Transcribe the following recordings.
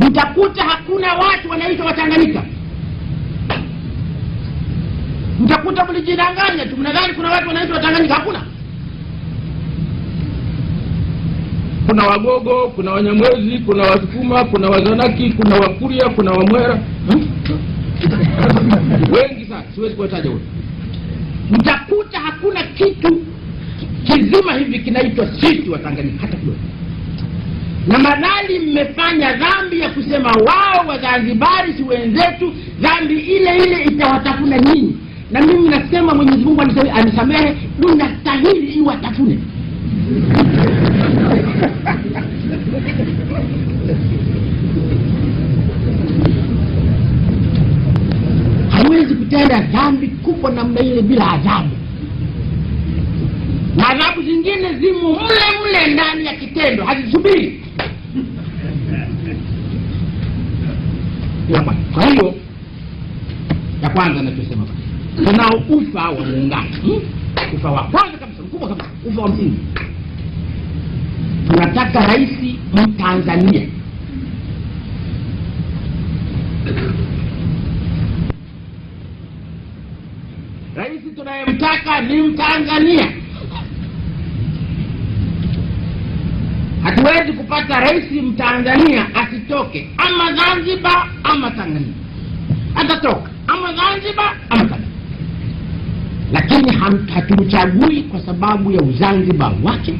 mtakuta hakuna watu wanaitwa Watanganyika. Mtakuta mlijidanganya tu, mnadhani kuna watu wanaitwa Watanganyika. Hakuna, kuna Wagogo, kuna Wanyamwezi, kuna Wasukuma, kuna Wazanaki, kuna Wakuria, kuna Wamwera hmm? wengi sana, siwezi kuwataja wote. Mtakuta hakuna kitu kizima hivi kinaitwa sisi Watanganyika hata kidogo na madhali mmefanya dhambi ya kusema wao Wazanzibari si wenzetu, dhambi ile ile itawatafuna nyinyi. Na mimi nasema Mwenyezi Mungu anisamehe, tunastahili iwatafune hawezi kutenda dhambi kubwa namna ile bila adhabu, na adhabu zingine zimo mle mle ndani ya kitendo ya mwana. Kwa hiyo ya kwanza nachosema tunao ufa wa muungano hmm? Ufa wa kwanza kabisa mkubwa kabisa, ufa wa msingi, tunataka rais Mtanzania rais tunayemtaka ni Mtanzania. anataka rais mtanzania asitoke ama Zanzibar ama Tanganyika, atatoka ama Zanzibar ama tanzania lakini hatumchagui kwa sababu ya uzanzibar wake,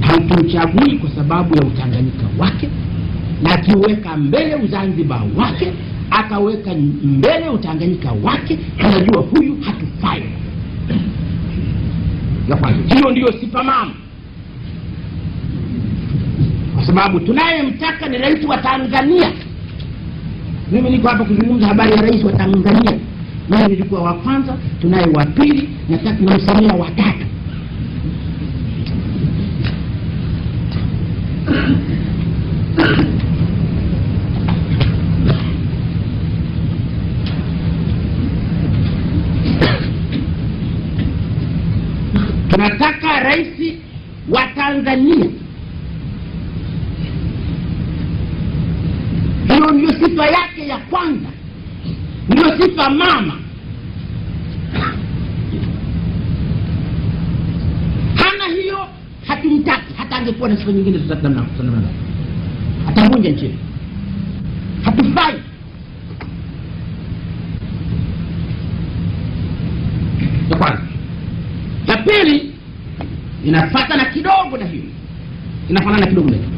hatumchagui kwa sababu ya utanganyika wake. Na akiweka mbele uzanzibar wake akaweka mbele utanganyika wake, anajua huyu hatufai. Ya kwanza hiyo ndiyo sifa mama sababu tunayemtaka ni rais wa Tanzania. Mimi niko hapa kuzungumza habari ya rais wa Tanzania. Mimi nilikuwa wa kwanza, tunaye wa pili, msamia wa tatu. Tunataka rais wa Tanzania sifa yake ya kwanza ndio sifa mama. Hana hiyo hatumtaki, hata angekuwa na sifa nyingine tutatanana, atavunja nchini Hatufai. Ya kwanza. ya pili inafatana kidogo na hiyo, inafanana kidogo na hiyo